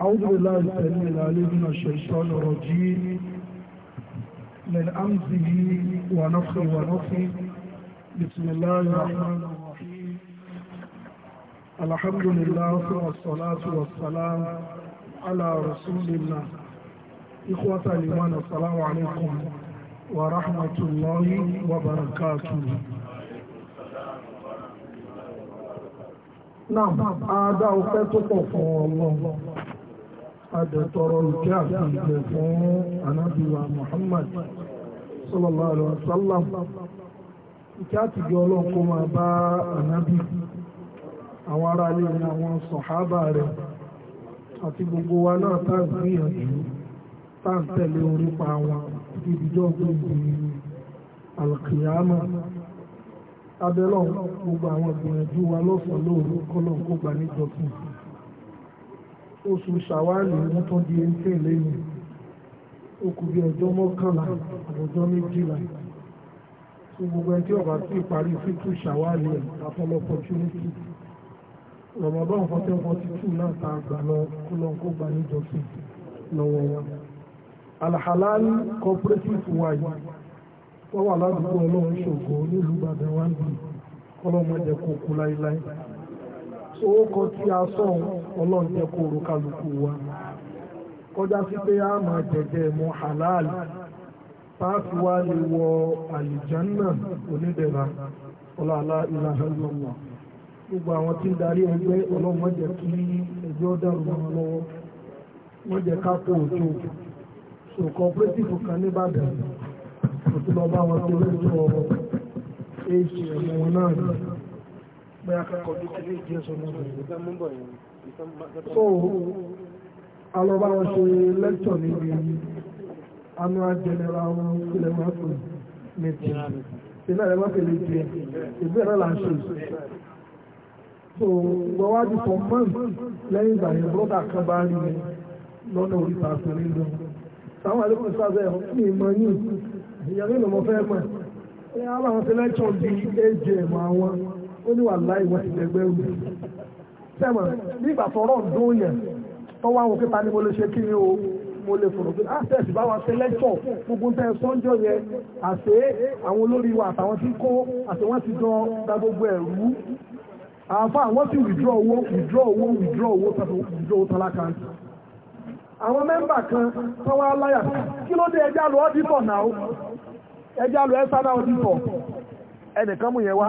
أعوذ بالله السميع العليم من الشيطان الرجيم من أمزه ونفخه ونفخه بسم الله الرحمن الرحيم الحمد لله والصلاة والسلام على رسول الله إخوة الإيمان السلام عليكم ورحمة الله وبركاته نعم هذا أفتتك فالله adẹ̀tọ̀rọ̀ ìkẹ́ àti ìgbẹ̀ fún anábìwa Muhammad sallallahu alaihi wasallam ìkẹ́ àti ìgbẹ̀ máa bá anábì àwọn ará ilé ní àwọn sọ̀hábà rẹ̀ àti gbogbo wa náà tá ń gbìyànjú tá ń tẹ̀lé orípa wọn ìdíjọ́ gbogbo alkiyama abẹ́lọ́run gbogbo àwọn ìgbìyànjú wa lóru kó gbà níjọ fún oṣù ṣàwálì ló tún di ẹ̀ńtẹ́ lẹ́yìn ó kù bí ọjọ́ mọ́kànlá ọjọ́ méjìlá tí gbogbo ẹni tí ọba tí ìparí fítú ṣàwálì ẹ̀ àfọlọ́ opportunity rọ̀mọ́dọ́ fourteen forty two náà ta àgbà lọ kó lọ kó gbà níjọsìn lọ́wọ́ wa alhalali cooperative wa yìí wọ́n wà ládùúgbò ọlọ́run ṣògo nílùú Ìbàdàn wa ń bì kọ́lọ́mọdé kò láéláé owó kan tí a sọ̀hún ọlọ́run jẹ́ kó orúkọ àlùkù wa kọjá sí pé a máa jẹjẹ mọ halal páàkì wa lè wọ àlìjánná onídẹ̀ra ọlọ́ọ̀lá ilaha illallah gbogbo àwọn tí ń darí ẹgbẹ́ ọlọ́run wọ́n jẹ́ kí ẹgbẹ́ ọ̀dà rọ̀ lọ́wọ́ wọ́n jẹ́ ká kó òjò so cooperative kan nìbàdàn òtún lọ bá wọn tó lójú ọ̀rọ̀ hcm wọn náà pé akẹ́kọ̀ọ́ bí kí lè jẹ́ sọmọ bẹ̀rẹ̀. so alọ́ba wọn ṣe lẹ́tọ̀ níbi annual general kilomita meeting ìlú ẹ̀rọ máa fẹ́lẹ̀ jẹ ìlú ẹ̀rọ là ń ṣe so gbọ́wádìí for months lẹ́yìn ìgbà yẹn brọ́dà kan bá rí mi lọ́nà orí pàṣẹ nílò sáwọn àlékún sáfẹ́ ẹ̀hún kí ni mo yìn ìyàrá ìlú mo fẹ́ mọ̀ ẹ̀ àwọn àwọn selection bíi ẹ̀jẹ̀ mọ́ àwọn ó ní wàhálà ìwọ́n ti gbẹgbẹ́ rú sẹ́mọ̀ ní ìgbà tọ́rọ̀ dún yẹn tó wá wọn pípa ní mo lè ṣe kí ni o mo lè fòrò pé access ah, bá wa ṣe lẹ́tọ̀ gbogbo tẹ́ sọ́njọ́ yẹn àṣé àwọn olórí wa àtàwọn tí kó àṣé wọ́n ti dán da gbogbo ẹ̀rú àfa àwọn ti withdraw owó withdraw owó withdraw owó tàbí withdraw owó tọ́lá kan àwọn mẹ́mbà kan tó wá láyà kí ló dé ẹjá lọ ọ́dítọ̀ náà ẹjá lọ ẹ́sánà ọ́dítọ̀ ẹnìkan mú yẹn wá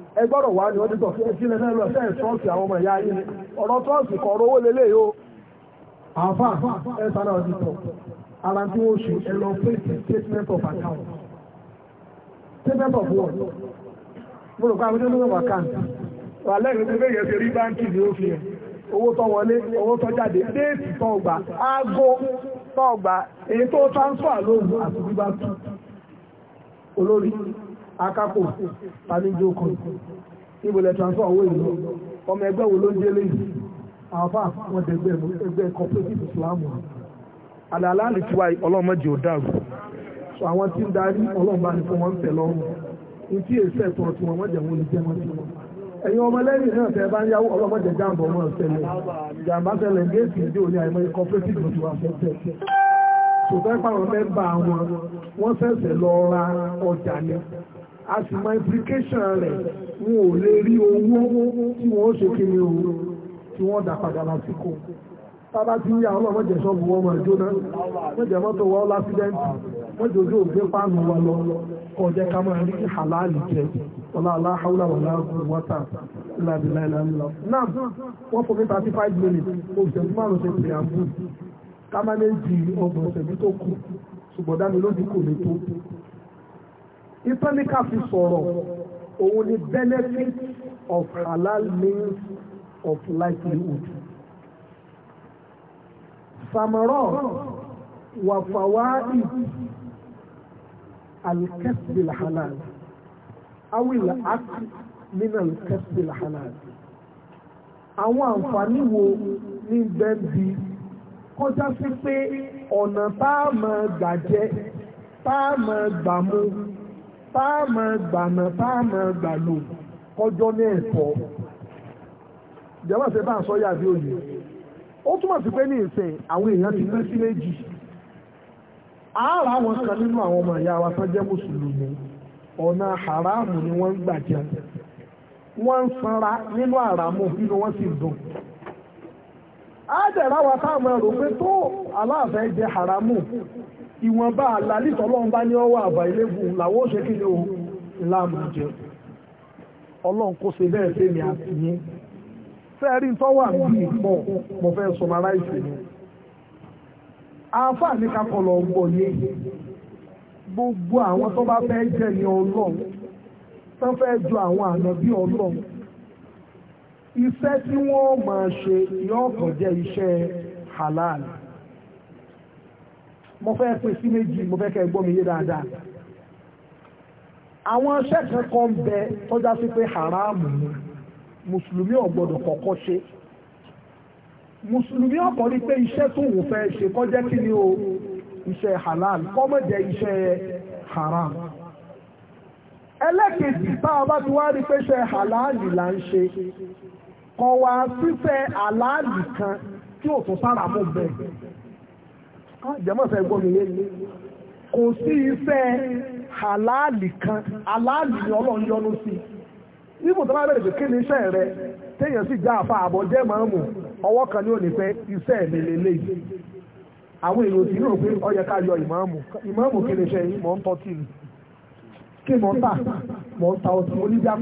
ẹgbọ́rọ̀ wá ní ọdún tọ̀sí sílẹ̀ náà lọ sẹ́yìn trọ́ọ̀sì àwọn ọmọ ìyá yìí ọ̀rọ̀ trọ́ọ̀sì kọ̀ owó lélẹ̀ yóò àfà ẹ̀sán náà ti tọ̀ ara tí wọ́n ṣe statement of account statement of mo rò pé àwọn wà lẹ́yìn rí báńkì ní ẹ̀ owó tó wọlé akápò tàníjó kan níbòlẹ̀ transfer owó ìlú ọmọ ẹgbẹ́ wo ló ń délé yìí àbá wọn dẹgbẹ́ ẹgbẹ́ cooperative Islam àlàálá lè tiwa ọlọ́mọdé ò dàrú so àwọn tí ń darí ọlọ́mọba ni fún wọn ń tẹ̀ lọ́rùn ntí èsì ẹ̀tọ́ tí wọn wọ́n jẹ̀ wọn lè jẹ́ wọn tí wọn ẹ̀yin ọmọ lẹ́yìn náà tẹ́ bá ń yáwó ọlọ́mọdé jàǹbọ̀ wọn ṣẹlẹ̀ jàǹbá ṣẹlẹ̀ géètì ìdí òní àìmọ́ cooperative ló ti wà fẹ́ tẹ̀ tẹ̀ sòtẹ́ pàrọ̀ mẹ́bà wọn wọ́n fẹ́sẹ̀ lọ ra ọjà ni a sì mọ implication rẹ̀ wọn ò lè rí owó tí wọ́n ó ṣe kíni o tí wọ́n dà padà lásìkò tábà tí ń yà ọlọ́run mọ̀jẹ̀ ṣọ́ọ̀bù wọn máa jóná mọ̀jẹ̀ mọ́tò wọn lásídẹ́ǹtì mọ̀jẹ̀ ojú òfin páànù wa lọ ọ̀jẹ̀ ká máa rí halali jẹ ọlá aláhàúlà wà láàrùn wọ́tà ìlàbìláìlàmìlà náà wọ́n fún mi thirty five minutes oṣù márùn ṣe pè àbú ká má lè di ọgbọ̀n ṣẹ̀bí tó kù ṣùgbọ́n dáni lójú kò lè tó ìtọ́níkà fi sọ̀rọ̀ òun ni benefit of halal means of livelihood. samarọ wàfàwáì alkesbil halal awil akil min alkesbil halal àwọn àǹfààní wo ní bẹ́ẹ̀bì kọjá sí pé ọ̀nà tá a máa gbà jẹ tá a máa gbà mu táàmù gbànà táàmù gbàlò kọjọ́ ní ẹ̀kọ́ ìjọba bá ń sọ yàrá òye ó túmọ̀ sí pé ní ìsìn àwọn èèyàn ti pín sí méjì àárọ̀ àwọn kan nínú àwọn ọmọ ìyá wa tán jẹ́ mùsùlùmí ọ̀nà haramu ni wọ́n ń gbà wọ́n ń sanra nínú àràmù nínú wọ́n sì dùn á táàmù haramu ìwọ̀nba àlàlítọ̀ ọlọ́run bá ní ọwọ́ àbà ilébù làwọ́ ṣe kí ní o láàmù jẹ ọlọ́run kó ṣe bẹ́ẹ̀ fẹ́ mi àti yín fẹ́ẹ̀rí tó wà ní ìpọ̀ mo fẹ́ sọmaráìsì ni àáfàá ní kakọlọ̀ ọgbọ̀ yé gbogbo àwọn tó bá fẹ́ jẹ́ ní ọlọ́run tó fẹ́ ju àwọn ànábì ọlọ́run iṣẹ́ tí wọ́n máa ṣe yóò jẹ́ iṣẹ́ halal mo fẹ́ pè sí méjì mo fẹ́ kẹ́ gbọ́ mi yé dáadáa àwọn iṣẹ́ kan kan bẹ tọ́já sí pé haramu ni mùsùlùmí ò gbọ́dọ̀ kọ́kọ́ ṣe mùsùlùmí ọ̀pọ̀ ní pé iṣẹ́ tó wù fẹ́ ṣe kó jẹ́ kí ni o iṣẹ́ halal kó má jẹ́ iṣẹ́ haram ẹlẹ́kejì tá a bá ti wá rí pé iṣẹ́ halal là ń ṣe kọ̀ wá fífẹ́ halal kan tí ò tún sára mú bẹ́ẹ̀ Ah, jẹ́mọ̀sẹ̀ gbọ́ mi yé kò sí halali kan halali ni ọlọ́run sí tó bá bẹ̀rẹ̀ pé kí ni iṣẹ́ rẹ téèyàn sì já àfa àbọ̀ jẹ́ ọwọ́ kan ní òní pé iṣẹ́ mi lélẹ́yìí àwọn èèyàn rò pé ká yọ ìmáàmù ìmáàmù kí ni yìí ń tì mí kí ń tà ń ta ọtí àwọn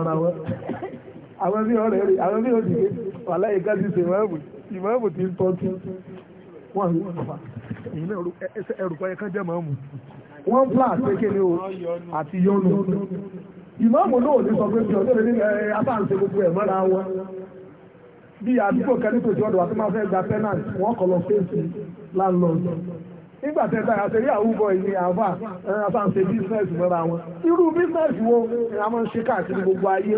ara wọn àwọn àwọn wàláyé gáàsì ìmáàmù ti ń tọ́jú wọ́n rí wọn fà èyí náà ẹrù pẹ́yẹ kan jẹ́ màámù wọ́n fà àtẹ́kẹ́ ni o àti yọnu ìmáàmù náà ní sọ pé kí ọjọ́ ní abáǹsẹ̀ gbogbo ẹ̀ mọ́ra wọn bí àdúgbò kẹ́lí tòjú ọ̀dọ̀ àti máa fẹ́ gba pẹ́nàtì wọ́n kọ̀ lọ fèsì láńlọ́ọ̀dù nígbà tẹ́ báyà ṣe rí àwùbọ̀ ìní àfà ẹ̀rọ ṣe bísínẹ́sì mọ́ra wọn irú bísínẹ́sì wo ni a máa ń ṣe káàkiri gbogbo ayé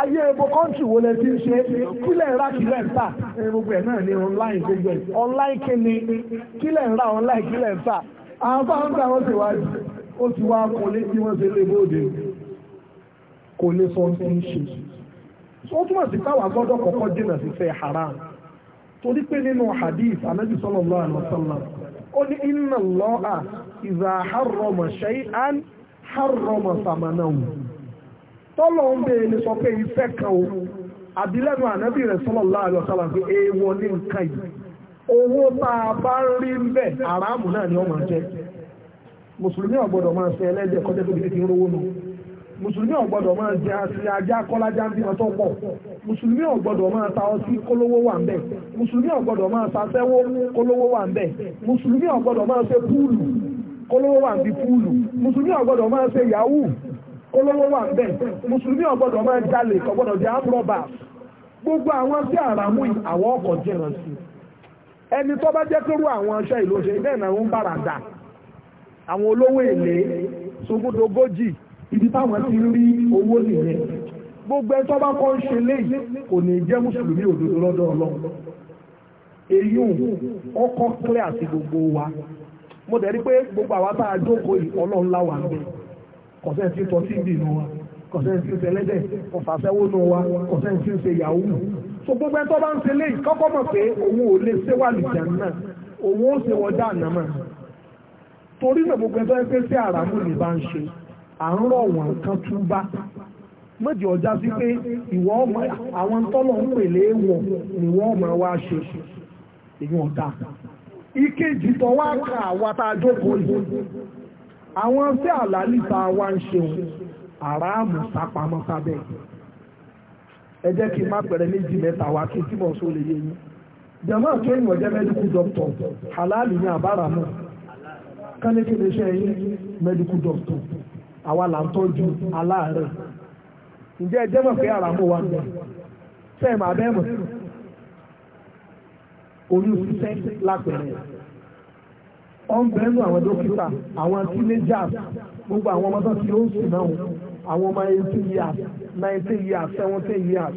ayé epo kọ́ńtì wo lẹ ti ń ṣe kílẹ̀ ń ra kílẹ̀ ń tà gbogbo ẹ̀ náà ní online gbogbo ẹ̀ online kíni kílẹ̀ ń ra online kílẹ̀ ń tà àwọn fáwọn gbà wọ́n ti wá ó ti wá kò lé bí wọ́n ṣe lé bóde kò lé sọ ti ń ṣe ó túmọ̀ sí káwà gbọ́dọ̀ kọ́kọ́ jìnà sí fẹ́ haram torí pé nínú hadith anabi sallallahu alaihi wasallam ó ní iná lọ́à ìzà àhárọ̀mọ̀ ṣe án hárọ̀mọ̀ sàmànáwù tọ́lọ̀ ń bèèrè ní sọ pé ìfẹ́ kan o àbílẹ́nu ànábì rẹ̀ owó tá bá rí ń bẹ̀ náà ni wọ́n máa mùsùlùmí ọ̀gbọ́dọ̀ máa ṣe ẹlẹ́dẹ̀ kọjá tó bí náà mùsùlùmí ò gbọ́dọ̀ máa jẹ àṣírí ajá kọ́lájá bí wọn tó pọ̀ mùsùlùmí ò gbọ́dọ̀ máa ta ọtí kólówó wà ńbẹ̀ mùsùlùmí ò gbọ́dọ̀ máa ta sẹ́wó kólówó wà ńbẹ̀ mùsùlùmí ò gbọ́dọ̀ máa ṣe púùlù kólówó wà ńbí púùlù mùsùlùmí ò gbọ́dọ̀ máa ṣe yahoo kólówó wà ńbẹ̀ mùsùlùmí ò gbọ́dọ̀ máa jalè kò gbọ́dọ̀ jẹ amúrọ̀bà gbogbo àwọn tí àràmú àwọn ọkọ̀ jẹ̀ràn sí ẹni tó bá jẹ́ pẹ̀lú àwọn aṣọ ìlú ṣe bẹ́ẹ̀ náà ń bàràdà àwọn olówó èlé sógúndogójì ibi táwọn ti rí owó nìyẹn gbogbo ẹ tó bá kọ́ ń ṣe léyìí kò ní jẹ́ mùsùlùmí òdodo lọ́dọ̀ ọlọ́run èyí ọkọ̀ clear àti gbogbo wa mo dẹ̀ rí pé gbogbo àwa tá a jókòó yìí ọlọ́run láwà ń bẹ kọ̀sẹ́ tí ń tọ́ sí ìdìnnú wa kọ̀sẹ́ tí ń ṣe ẹlẹ́dẹ̀ kọ̀fàṣẹ́wónú wa kọ̀sẹ́ tí ń ṣe yahoo so gbogbo ẹni tó bá ń ṣe léyìí kọ́kọ́ mọ̀ pé òun ò lè ṣe wà lùjà náà òun ó ṣe wọ́dà náà torí náà gbogbo ẹni tó ń pèsè àràmù ní bá ń ṣe à ń rọ̀ wọ́n kan tún bá méjì ọjà sí pé ìwọ ọmọ àwọn tọ́lọ̀ ń pèlè wọ̀ ni wọ́n ọmọ wa ṣe èyí ọ̀dà ìkejì tó wá kà wá tá a jókòó yìí àwọn sí àlálìta wa ń ṣeun àràmù sápamọ́ sábẹ́ ẹ jẹ́ kí n má pẹ̀rẹ̀ méjì mẹ́ta wá kí tí mo sọ lè yé yín jẹ̀mọ́ tó ìwọ̀n jẹ́ medical doctor halali ní àbára náà kánikí lè ṣe yín medical doctor àwa là ń tọ́jú aláàárẹ̀ ǹjẹ́ ẹ jẹ́ mọ̀ pé ara mú wa ń bẹ̀ sẹ́ẹ̀ máa bẹ́ẹ̀ mọ̀ oyún ṣiṣẹ́ lápẹ̀rẹ̀ ọ̀nbẹ́nu àwọn dókítà àwọn teenagers gbogbo àwọn ọmọ tó ti ó ń sùn náà àwọn ọmọ eighteen years nineteen years seventeen years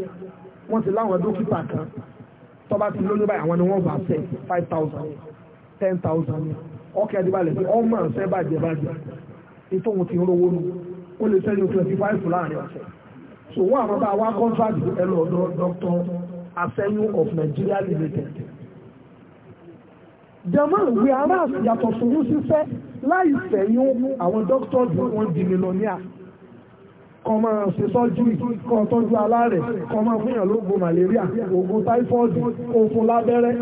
wọ́n ti láwọn dókítà kan tó bá ti lóyún báyìí àwọn ni wọ́n bá ṣe five thousand ten thousand ọkẹ́ ẹ̀dínbalẹ̀ ọmọ ṣẹ́ bàjẹ́ bàjẹ́ ètò òun ti ń rówó nu ó lè sẹ́yìn twenty five láàrin ọ̀sẹ̀ so wọ́n àwọn bá wá contract ẹ lọ ọ̀dọ̀ Dr. Asenyun of Nigeria Limited jama we are as yàtọ̀ sòwò ṣiṣẹ́ láì sẹ́yìn àwọn doctors wọn di millionaire kan máa ṣe sọ́júrì kan tọ́jú aláàrẹ̀ kan máa fún yàn lóògùn malaria oògùn táífọ́ọ̀dù òfun lábẹ́rẹ́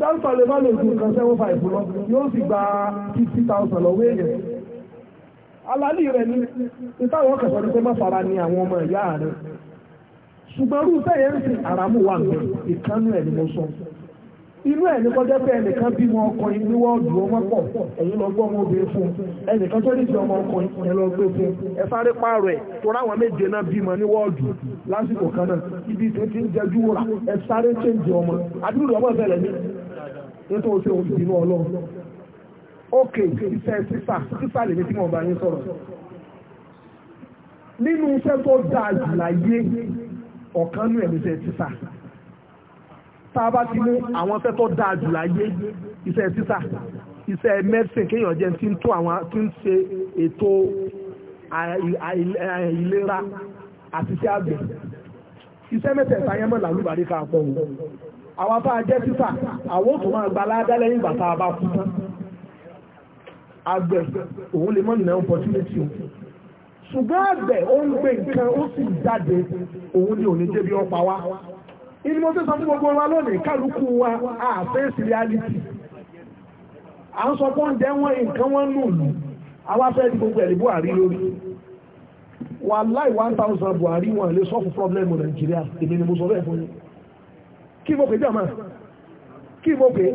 dáńtọ̀ lè má lè ju nǹkan seven five lọ yóò sì gba fifty thousand lọ́wọ́ èèyàn alálì rẹ̀ ní ìtàwọn kẹsàn ní pé má fara ní àwọn ọmọ ìyá rẹ̀ ṣùgbọ́n rú sẹ́yẹ̀ ń sin àràmù wà ní ìkánú ẹ̀ ní mo sọ inú ẹ̀ ní kọjá pé ẹnìkan bí wọn ọkùnrin ní wọ́ọ̀dù ọmọ pọ̀ ẹ̀yin lọ gbọ́ ọmọ obìnrin fún ẹnìkan tó nídìí ọmọ ọkùnrin ẹ lọ gbé fún ẹ sáré pààrọ̀ ẹ̀ tó ráwọn méje náà bímọ ní wọ́ọ̀dù lásìkò kan náà ibi tó ti ń jẹjú wúrà ẹ sáré chéǹjì ọmọ adúlù ọmọ ìfẹ́lẹ̀ ní nítorí òṣèlú ìbínú ọlọ́run ókè iṣẹ́ sísà sísà lèmi tí mo bá yín sọ̀rọ̀ nínú iṣẹ́ tó dáa jù láyé ọ̀kan nú ẹ̀mí iṣẹ́ sísà tá a bá ti mú àwọn iṣẹ́ tó dáa jù láyé iṣẹ́ sísà iṣẹ́ mẹ́sìn kéèyàn jẹ́ tí ń tó àwọn tí ń ṣe ètò ìlera àti iṣẹ́ àgbẹ̀ iṣẹ́ mẹ́tẹ̀ẹ̀ta yẹn mọ̀ làlúbàrí ká pọ̀ wò àwọn bá a jẹ́ sísà àwọn ò máa gba aládá ìgbà tá a bá kú tán àgbẹ̀ òun lè mọ́ nà opportunity o ṣùgbọ́n àgbẹ̀ ó ń gbé nǹkan ó sì jáde òun ni òní débi ọ̀pá wa inú mo ti sọ fún gbogbo wa lónìí kálukú wa àfẹ́sì reality à ń sọ fún oúnjẹ wọn nǹkan wọn nù lù àwa fẹ́ di gbogbo ẹ̀rí Buhari lórí wàláì one thousand Buhari wọn lè sọ fún problem Nàìjíríà èmi ni mo sọ bẹ́ẹ̀ fún yín kí mo pè jàmá kí mo pè é.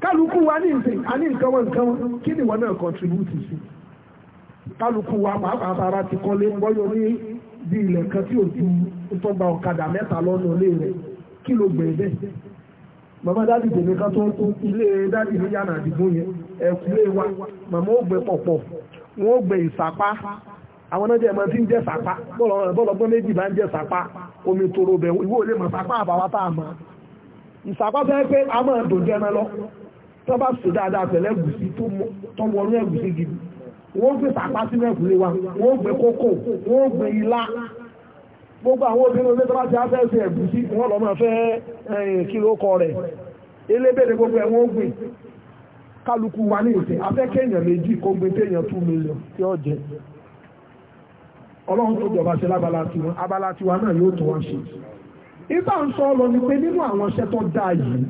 kálukú wa ní ìsìn a ní nǹkan wọn kí ni wọn náà contribute sí kálukú wa pàápàá bára ti kọ́lé bọ́yọ̀ ní bí ilẹ̀ kan tí ò ju ìtọ́gba ọ̀kadà mẹ́ta lọ́nà ilé rẹ̀ kí ló gbẹ̀ bẹ́ẹ̀ e màmá tèmi kan tó ń ilé àdìgún yẹn wa màmá ó gbẹ pọ̀pọ̀ wọn ó gbẹ ìsapá àwọn ọjọ́ ẹ̀mọ́ ń jẹ́ méjì bá ń jẹ́ omi a máa dòjẹ́ lọ tó bá sọ dáadáa pẹ̀lú ẹ̀gúsí tó wọnú ẹ̀gúsí gidi wọ́n gbé tàpá sínú ẹ̀kúlé wa wọ́n gbé kókò wọ́n gbé ilá gbogbo àwọn obìnrin olóòtú bá ti afẹ́ sí ẹ̀gúsí wọ́n lọ máa fẹ́ eh, kí ló kọ rẹ̀ elébèrè gbogbo ẹ̀wọ̀n gbé kálukú wa ní ìsìn afẹ́ kéèyàn méjì kó gbé téèyàn two million tí ó jẹ ọlọ́run tó jọba ṣe lábala tiwọn abala tiwa náà yóò tó wọn ṣe ìbá ń sọ ọ lọ ni pé nínú àwọn iṣẹ́ tó dáa yìí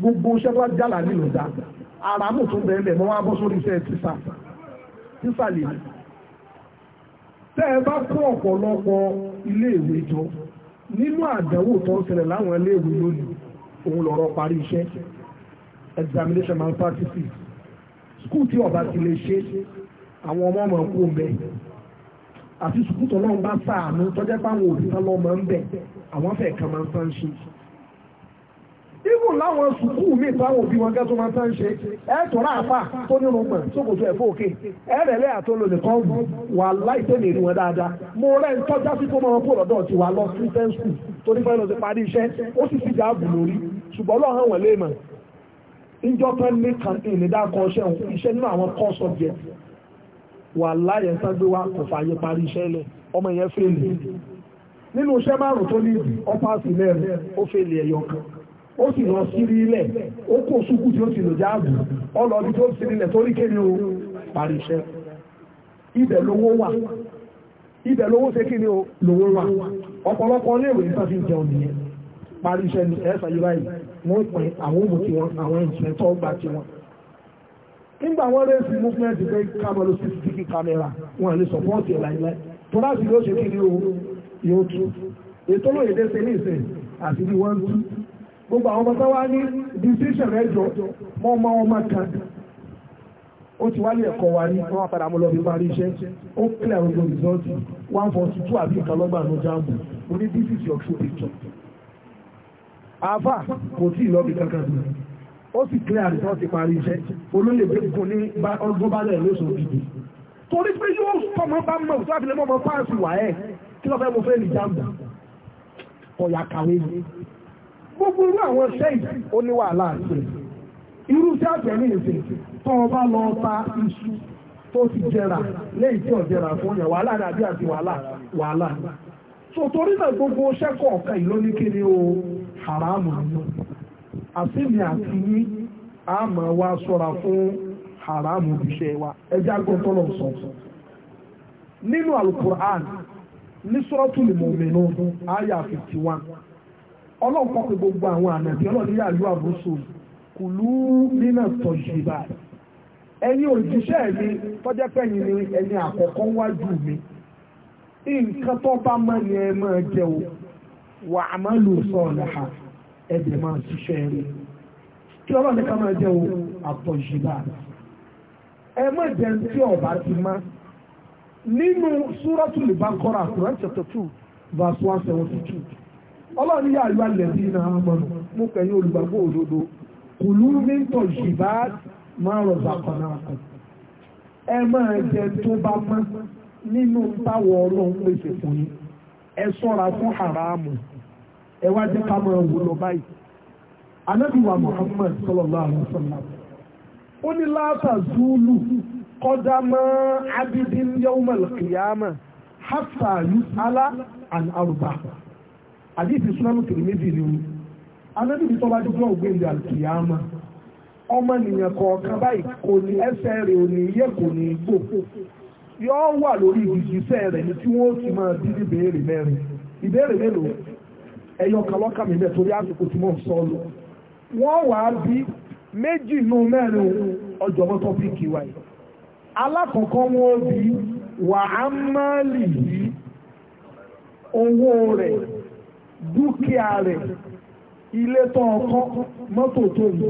gbogbo iṣẹ́ tó jàlá nínú dá àràmù tó bẹ̀rẹ̀ bẹ̀ mọ́ wá bọ́ sórí iṣẹ́ tísà tísà lè ní. tẹ́ ẹ bá kó ọ̀pọ̀lọpọ̀ iléèwé jọ nínú àdánwò tó ń ṣẹlẹ̀ láwọn iléèwé lónìí òun lọ̀rọ̀ parí iṣẹ́ examination malpractices skul tí ọba ti lè ṣe àwọn ọmọ ọmọ kú ń bẹ àti skul tó náà ń bá sáànù tọ́jẹ́ pé àwọn òbí tán lọ́mọ ń bẹ àwọn fẹ̀ẹ́ kan máa ń sáà ń ṣe even láwọn sùkúù míì táwọn òbí wọn gẹ́tọ́ máa tán ṣe ẹ tọ́ra àpá tó nínú mọ̀ sókòtò ẹ̀fọ́ òkè ẹ rẹ̀lẹ́ àtọ́lò nìkan wà láì tẹ́lẹ̀ rí wọn dáadáa mo rẹ̀ ń tọ́já sí fún ọmọ lọ́dọ̀ ti wà lọ Christian school tó ní fẹ́ẹ́ lọ sí parí iṣẹ́ ó sì fi jáàbù lórí ṣùgbọ́n lọ́hàn wọ̀n lè mọ̀ ìjọ kan ní kàǹtì ìnídàkọ̀ iṣẹ́ nínú àwọn core subject wà láyẹ̀ ságbé wa kò fààyè parí iṣẹ́ lẹ̀ ọmọ yẹn fèlè nínú iṣẹ́ márùn-ún tó ní ọpá sílẹ̀ ó fèlè ẹ̀yọ kan ó sì lọ sírí ilẹ̀ ó kó sùkú tí ó ti lò jáàbù ọlọ́ọ̀dún tó sírí ilẹ̀ torí kéde o parí iṣẹ́ ibẹ̀ lówó wà ibẹ̀ lówó ṣe kí ni o lówó wà ọ̀pọ̀lọpọ̀ léèwé nípa fi jẹun nìyẹn parí iṣẹ́ ní ẹ̀sà yìí báyìí wọ́n pín àwọn òmù tiwọn àwọn ìṣẹ́ tó gbà tiwọn nígbà wọn lè fi ni o yóò gbogbo àwọn ọmọ wá ní decision rẹ̀ jọ mọ́ ọmọ ọmọ kan ó ti wálé ẹ̀kọ́ wa ní wọ́n padà mú lọ bí parí iṣẹ́ ó clear gbogbo result one forty two àbí nǹkan lọ́gbà ló jáàmù ó ní this is your true picture àáfà kò tí ì lọ́bì kankan dùn ó sì clear result ti parí iṣẹ́ olóyè gbẹ̀gùn ní ọgbọ́n bá lẹ̀ lóṣù òbí torí pé yóò fọmọ bá mọ̀ tó àfilẹ́ mọ́ ọmọ páàsì wà ẹ̀ kí lọ́fẹ́ mo fẹ́ lè jáàmù ọ̀yà kàwé yìí gbogbo irú àwọn iṣẹ́ yìí ó ní wàhálà àti irú tí àtẹ̀rí ìsìn tó o bá lọ ta iṣu tó ti jẹrà lẹ́yìn tí ò jẹrà fún yẹn wàhálà ní àbí àti wàhálà wàhálà so torí náà gbogbo iṣẹ́ kọ̀ọ̀kan yìí ló ní kí ni o haramu nù àfihàn àti yín a máa sọ́ra fún haramu iṣẹ́ wa ẹjẹ́ agbọ́ntọ́ lọ nínú alukur'an ní suratul mu'minun àyà 51 ọlọ́run kọ́ pé gbogbo àwọn ànàbí ọlọ́run yà lù àbúrúsù kùlú nínà tọ̀jì bá ẹni òjíṣẹ́ mi tọ́jẹ́ pẹ́yìn ni ẹni àkọ́kọ́ wájú mi nǹkan tó bá mọ́ ni ẹ máa jẹ o wà á máa lò sọ̀rọ̀ ha ẹ̀dẹ̀ máa ṣiṣẹ́ rí kí ọlọ́run ní ká máa jẹ o àtọ̀jì bá ẹ má jẹ tí ọba ti Ọlọrị ya yàrá ilẹ̀ bí iná mọ̀nù mú kẹyìn olùgbàgbọ́ òdodo kùlú ní tọ̀ jìbá máa rọ̀ bàkànà àkàn ẹ máa jẹ tó bá mọ́ nínú táwọn ọlọ́run pèsè fún yín ẹ sọ́ra fún haramu ẹ wá jẹ́ ká máa wò lọ báyìí anábìwà Muhammad ó ní láàtà zúlù kọjá mọ́ abidin yusala àdìsí súnámù tòlù méjì ni o anábìbí tó bá dúpọ̀ ògbéǹde àlùkìyàmá ọmọ ènìyàn kọ̀ọ̀kan báyìí kò ní ẹsẹ̀ rẹ̀ ò ní yẹ kò ní gbò yóò wà lórí ìgbìgbìsẹ̀ rẹ̀ ní tí wọ́n ti máa bí ìbéèrè mẹ́rin ìbéèrè mélòó ẹ̀yọ kan lọ́kàn mi bẹ́ẹ̀ torí àsìkò tí wọ́n sọ lọ wọ́n wàá bí méjì nù mẹ́rin ọjọ́ mọ́ wa yìí alákọ̀ọ́kọ́ wọn bí wàá máàlì yìí owó rẹ̀ dúkìá rẹ̀ ilé tó ọkọ́ mọ́tò tó ìbò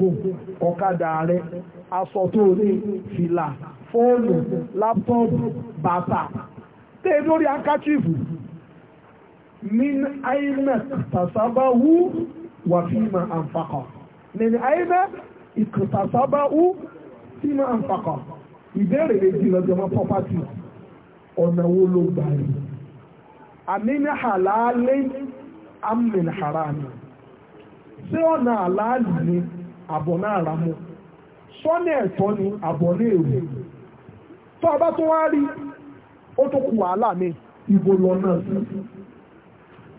ọ̀kadà rẹ̀ aṣọ tó ní fìlà fóònù láptọ́ọ̀bù bàtà tẹ́ lórí akáchífù min aina tasabahu wà fíìmà àǹfàkọ̀ min aina ìkùtasabahu fíìmà àǹfàkọ̀ ìbéèrè méjì lọ́jọ́ mọ́ property ọ̀nà wo ló gbà rí àmì ní àlàálẹ́ amlin harami ṣé Si ọ na àbọ̀nà sọ́nà ẹ̀tọ́ ni àbọ̀nà èrò tó ọba tó wá rí ó tó kù wàhálà mi ìbò lọ́nà sí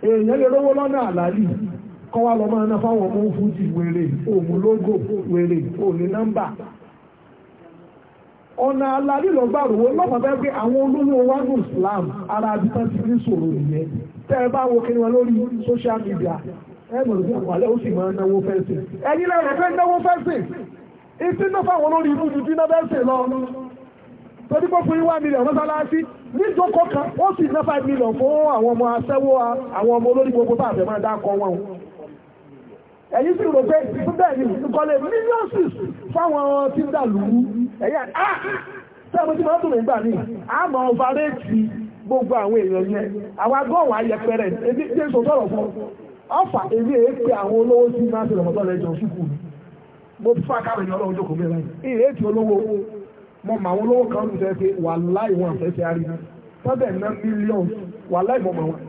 èèyàn lè rówó lọ́nà àlàálì kọ́ wá lọ máa ná fáwọn ọmọ fújì wèrè òmù lógò wèrè òní nọ́mbà ọ̀nà àlàálì lọ́gbàrúwó lọ́pàá bẹ́ẹ̀ pé àwọn olówó wágùn Islam ara ti ní tẹ́ wo kí wọn lórí social media ẹ mọ̀ lórí àpàlẹ́ ó sì máa ń náwó fẹ́sìn ẹ̀yin lẹ́yìn fẹ́ náwó fẹ́sìn ìsìn náà fáwọn olórí ibú ju tí náà fẹ́sìn lọ torí pé fún one million mọ́sálásí níjókòó kan ó sì ná five million fún àwọn ọmọ aṣẹ́wó àwọn ọmọ olórí gbogbo bá àfẹ́ máa dákọ̀ wọn ẹ̀yin sì rò pé bẹ́ẹ̀ ni ìkọlẹ̀ millions fáwọn tí ń dà lùú ẹ̀yà ah sẹ́wọ́n tí wọ́n tún lè gbà ní àmọ́ ọ̀fà rẹ́ẹ̀tì gbogbo àwọn èèyàn yẹn àwọn agọ́wọ̀n ayẹpẹrẹ ebi tí èso sọ̀rọ̀ fún ọ̀fà èmi èé pe àwọn olówó sí máa ṣe lọ́mọdọ́ lẹ́jọ́ sùkúù mi mo fà káwọn èèyàn lọ́wọ́ jókòó mẹ́rin ìyẹn ètò olówó mo mà àwọn olówó kan lùdẹ́ pé wà láì wọn àfẹ́fẹ́ àríwá tọ́jẹ́ ná mílíọ̀n wà láì mọ̀mọ̀ wọn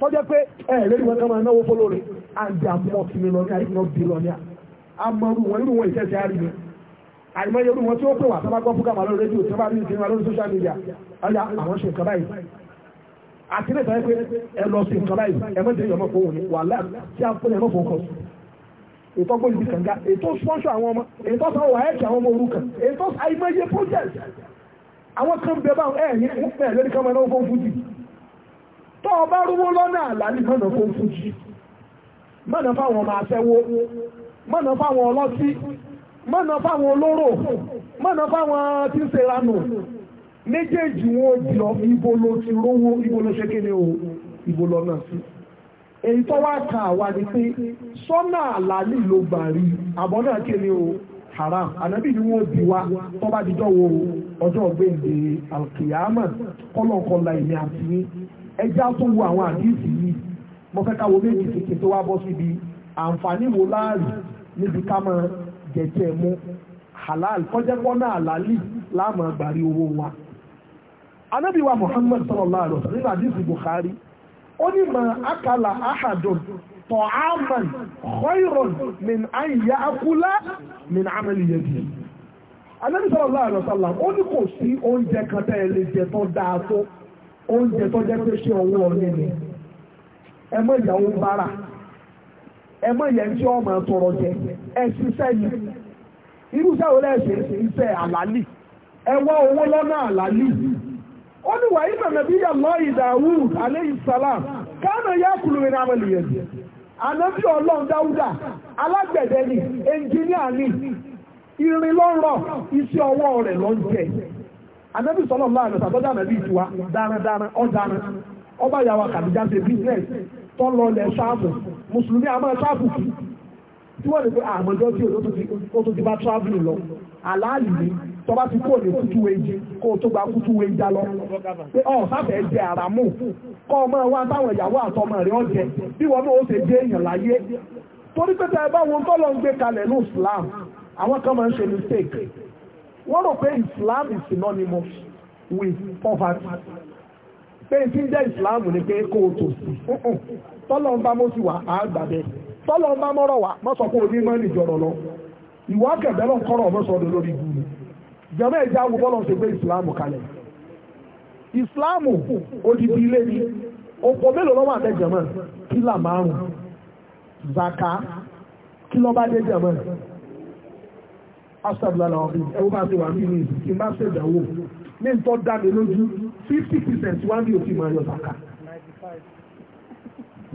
tọ́jẹ́ pé ẹ̀ẹ́dẹ́rì wọn kan máa náwó fólórí and their multi millionaire if not billionaire amọ̀rù wọn irú wọn ìfẹ́fẹ́ àríwá àìmọye orú wọn tí ó pè wà sábà gbọ́ fúgàmà lórí rédíò tí wọ́n bá rí ìsinmi lórí social media ọjà àwọn ṣe nǹkan báyìí àti ní ìsọ̀rọ̀ pé ẹ lọ sí nǹkan báyìí ẹ mọ̀ jẹ́ ìyọ̀mọ̀ fún òun wà láà tí a fún ẹ mọ̀ fún kọ̀ ibi kànga ètò sponsor àwọn ọmọ ètò sanwó wàhálà kí àwọn ọmọ orúkọ ètò àìmọye project àwọn kan bẹ báwọn ẹ ní mọ́nà fáwọn olóró mọ́nà fáwọn tí ń ṣe ranù méjèèjì wọn ò jọ ibo lo ti rówó ibo lo ṣe kéde o ibo lọ náà sí èyí tó wá ka àwa ni pé sọ́nà àlàálì ló gbà rí àbọ̀ náà kéde o haram ànábì ni wọ́n bí wa tó bá dijọ́ wo ọjọ́ ọ̀gbẹ́ǹde alkiyama kọ́lọ̀kọ́lá èmi àti yín ẹjá tó wo àwọn àdìsí yìí mo fẹ́ ká wo méjì kékeré tó wá bọ́ síbi àǹfààní wo láàrì níbi ká máa jẹjẹ mú halal kọjẹ́pọ́ náà lálì láàmú agbárí owó wa. anábì wa muhammad sallallahu alaihi wasallam nínú àdìsí bukhari ó ní mà ákàlà ahadun ta'aman khayran min an ya'kula min amali yadihi. anábì sallallahu alaihi wasallam ó ní kò sí oúnjẹ kan tẹ́ ẹ lè jẹ tó dáa tó oúnjẹ tó jẹ́ pé ṣé ọwọ́ ọ ẹ má tí ọmọ tọrọ jẹ ẹ ṣiṣẹ́ irú sẹ́wọ́n lẹ́sẹ̀ owó ó ní wàá ibà nàbí yà lọ ìdààwù alayhi salam yà mi náà lè ni ẹnjìníà ni irin lọ́rọ̀ iṣẹ́ ọwọ́ rẹ̀ ló ń jẹ ànábì sọlọ́ọ̀lá àgbẹ̀sàbọ́dà nàbí ìtura dáradára ọ̀daràn ọba ṣe tó lọ lẹ̀ ṣáàbù mùsùlùmí a máa ṣáàbù kí tí wọ́n lè pe ah, àmọ́jọ́ tí o tó ti bá travelling lọ àlàálì ni tó bá ti kúrò ní kútú wéjì kó o tó gba kútú wéjì lọ pé ọ oh, sáfẹ́ jẹ àràmù kọ́ ọmọ wa táwọn ìyàwó àtọmọ rẹ̀ ọ̀jẹ̀ bí wọn náà ó ṣe dé èèyàn láyé torí pé tẹ bá wọn tọ́lọ́ ń gbé kalẹ̀ ní Islam àwọn kan máa ń ṣe mistake wọ́n rò pé Islam is synonymous with poverty pé tí ń jẹ́ ìsìláàmù ni pé kó o tò sí tọ́lọ̀ mọ́ sí wà á gbà mọ́rọ̀ wà mọ́ sọ lọ kẹ̀bẹ́ lọ kọ́rọ̀ mọ́ lórí jẹ́mọ́ ẹ̀já bọ́lọ̀ ṣe gbé ìsìláàmù kalẹ̀ ìsìláàmù odidi ilé ni òpó mélòó lọ́wọ́ kílà ní n tó dá mi lójú fifty percent wá ní òfin máa yọ sàkà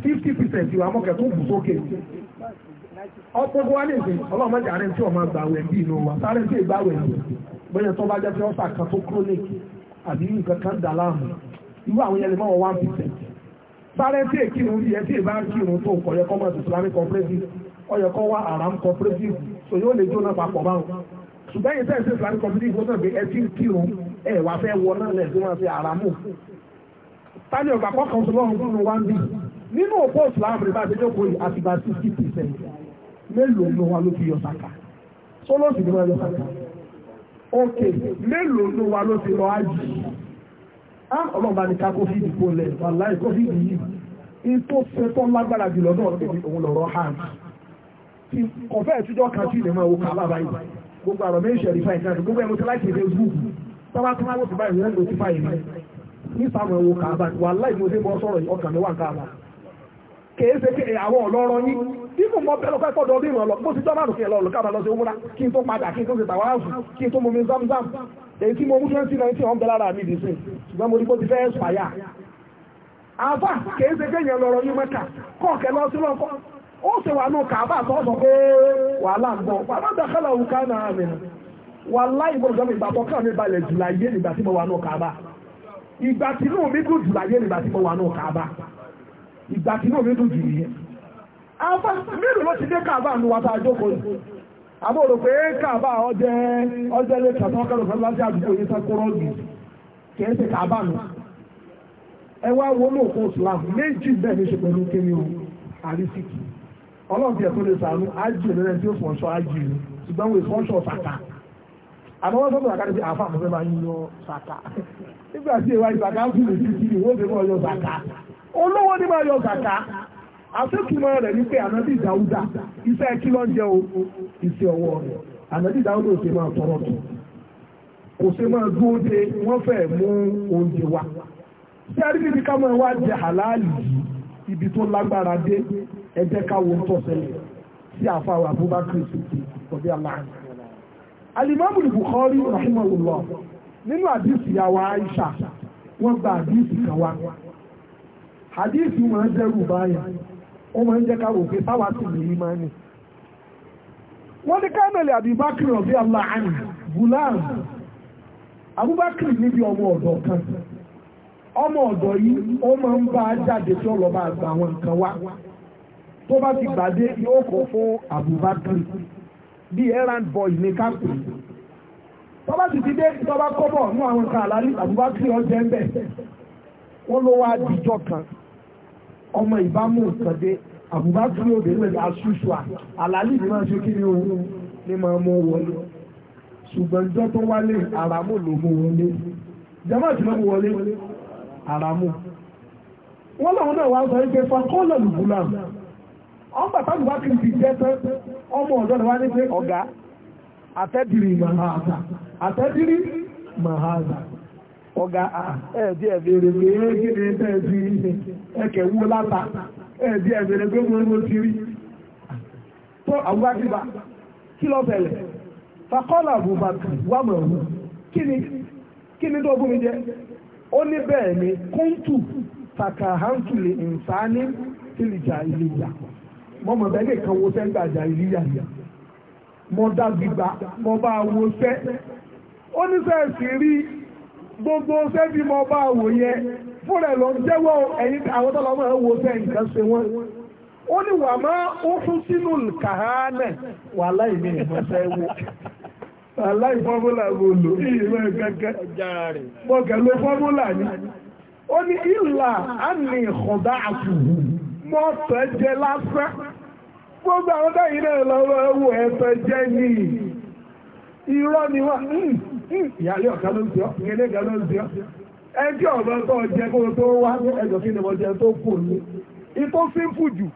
fifty percent ìwà mọ́kẹ́ tó bù sókè ọ̀pọ̀gbọ́ wa lè sè ọlọ́run mẹ́ta rẹ̀ tí ọmọ àgbà wẹ̀ bí inú wa sáré sí ìgbà wẹ̀ bẹ́ẹ̀ tó bá jẹ́ pé ọ̀sà kan tó chronic àbí nǹkan kan dà láàmú irú àwọn yẹn lè mọ́ wọn one percent sáré sí èkìrun yẹ sí ìbá kírun tó kọ̀ yẹ kọ́ mọ́ Islamic cooperative ọyẹ kọ́ wá aram cooperative so yóò lè jóná papọ̀ báwọn ṣùgbọ́n yìí sẹ́yìn sí Islamic cooperative ó sàn pé ẹ ti kírun ẹ wà fẹ́ wọ náà lẹ̀ tí wọ́n fi ara mú. tani ọ̀gá kọ́kàn tó lọ́rùn nínú wa ń bì nínú òpó ìsìláàmù rẹ̀ bá ti jókòó yìí àti gba sixty percent mélòó ló wa ló fi yọ sàkà sólóòsì ni wọ́n yọ sàkà ok mélòó ló wa ló fi lọ ájì á ọlọ́ọ̀bá ni ká kófíìdì kó lẹ̀ wàláì kófíìdì yìí ètò fẹ́tọ́ lágbára jùlọ náà níbi òun lọ̀rọ̀ hàn tí kọ̀fẹ́ ìtújọ́ kan sí ìdẹ̀mọ̀ òkà alábàáyé gbogbo àrọ̀ méjì ẹ̀rí fáìnì gbogbo ẹ̀mọ́tẹ́láìsì Facebook tọ́ba tí wọ́n lò sí báyìí wọ́n lò sí báyìí ní sàmù ẹ̀wò kàbà wà láì mo dé bọ́ sọ̀rọ̀ ọkàn mi wà kàbà kèé ṣe kí àwọn ọlọ́rọ̀ yín bí mo mọ bẹ́ẹ̀ lọ́pẹ́ pọ̀dọ̀ bí ìrìn ọ̀lọ́ bó ti dọ́mà lòkè lọ́lọ́ kàbà lọ sí òwúra kí n tó padà kí n tó ṣe tàwáàfù kí n tó mumi zamzam èyí tí mo mú twenty nineteen ọ̀n bẹ́ẹ̀ lára mi dì sí ṣùgbọ́n mo ní bó ti fẹ́ ṣàyà àfà kèé ṣe kéèyàn lọ́rọ̀ yín mẹ́ta kọ́ọ̀kẹ́ lọ sí lọ́kọ́ ó ṣe wà nù kàbà tó sọ pé wàhálà ń bọ̀ wàhálà dàkálà òun ká náà mìíràn wà láì mo jọ ìgbà tó kàn mí balẹ̀ jù láyé nígbà tí mo wà náà kàbà ìgbà tí inú mi dùn jù láyé nígbà tí mo wà náà kàbà ìgbà tí inú mi dùn jù yìí afa mélòó ló ti dé kàbà nu wata àjókòó yìí àbò rò pé kàbà ọjẹ ọjẹ lè kà tán kẹrò fẹlẹ láti àdúgbò yìí tán kóró lù kì í ṣe kàbà nu ẹ wá wo ní òkú islam méjì bẹ́ẹ̀ ní ṣe pẹ̀lú kéwì o àrísìkì ọlọ́run ti ẹ̀kọ́ lè sàánú ájì ìrẹ́lẹ̀ tí ó fọ̀ọ́ṣọ́ ájì ìrẹ́ ṣùgbọ́n wo ìfọ̀ọ́ṣọ́ ọ̀tàkà àmọ́ wọ́n sọ́dọ̀ àkàdé sí àfa àfẹ́fẹ́ máa ń yọ sàkà nígbà tí ìwà ìsàkà ń fìlè sí ìwé òfin máa yọ sàkà olówó ni máa yọ sàkà àfẹ́kùnmọ́ rẹ̀ ní pé ànábì dáúdà iṣẹ́ kí ló ń jẹ́ o iṣẹ́ ọwọ́ rẹ̀ ànábì dáúdà ò ṣe máa tọrọ tó kò ṣe máa dúró de wọ́n fẹ́ mú oúnjẹ wa ṣé àrídì ní ká máa wá jẹ àlàálì yìí ibi tó lágbára dé ẹ jẹ́ ká wo tọ́sẹ̀lẹ̀ sí àfa àbúbákírì sí ti ọ̀dẹ́ aláàánú alimami Bukhari rahimahullah nínú àdìsí yàwó Aisha wọ́n gba àdìsí kan wá àdìsí wọn dẹ́rù báyà wọ́n máa ń jẹ́ káwò pé táwa sì lè yí máa ní wọ́n ní kámẹ́lì Abubakar ọ̀bí aláàánì gulam Abubakar níbi ọmọ ọ̀dọ̀ kan ọmọ ọ̀dọ̀ bí errand boy ní kápù tọ́ba sì ti dé tọ́ba kọ́bọ̀ nú àwọn nǹkan àlálí àbúbá tí ó jẹ́ bẹ̀ wọ́n ló wá dìjọ́ kan ọmọ ìbámu nǹkan dé àbúbá tí ó dé pẹ̀lú aṣùṣùà àlálí ni máa ṣe kí ni òun ní máa mú wọlé ṣùgbọ́n ìjọ tó wálé àràmù ló mú wọlé jama ti mọ́ mú wọlé àràmù wọ́n làwọn náà wá sọ wípé fakọ́lọ̀ lùbùlà ọ̀n bàtà àbúbá kì í ti jẹ́ pẹ́pẹ́ ọmọ ọ̀dọ́ ni wá ní pé ọ̀gá àtẹ́dìrì mahaza. àtẹ́dìrì màhàzà ọ̀gá ẹ̀ẹ́dí ẹ̀bẹ̀rẹ̀ pé kí ni tẹ́ẹ̀sì ẹ̀kẹ̀ wó láta ẹ̀ẹ́dí ẹ̀bẹ̀rẹ̀ pé mo mo ti rí tó àwọn àtìbà kí lọ bẹ̀rẹ̀ fàkọ́là àbùbàkì wà mọ̀ọ́mù kí ni kí ni tó gúnmi jẹ ó ní bẹ́ẹ̀ ni kúntù tàkàhántùlì ìǹsáni tìlìjà ìlú ìyàpọ̀ mo mọ̀ bẹ́ẹ̀ nìkan wo sẹ́ gbàjà ìlíyà mo dá gbígbà mo bá wo sẹ́ ó ní sẹ́ sì rí gbogbo sẹ́ bí mo bá wò yẹ fún rẹ̀ lọ jẹ́wọ́ ẹ̀yìn àwọn tọ́lọ́ máa ń wo sẹ́ nǹkan ṣe wọ́n ó ní wà má ó fún sínú kàhánẹ̀ wà láì ní ìmọ̀ṣẹ́ wo aláì fọ́múlà mo lò ìrọ̀ ẹ̀kẹ́kẹ́ mo kẹ̀ ló fọ́múlà ni ó ní ìlà á ní ìkọ̀dá àtùwù mọ́tọ̀ jẹ lásán gbogbo àwọn táyì náà lọ́wọ́ ẹwù ẹ̀fẹ́ jẹ́ ní ni wọ́n hmm, hmm, ọ̀gá ló ń jọ ọ̀gá ló ń jọ ẹjọ́ ọ̀gá tó jẹ kó tó wá ẹjọ́ kí ni mo jẹ tó kù ní ìtò sífù jù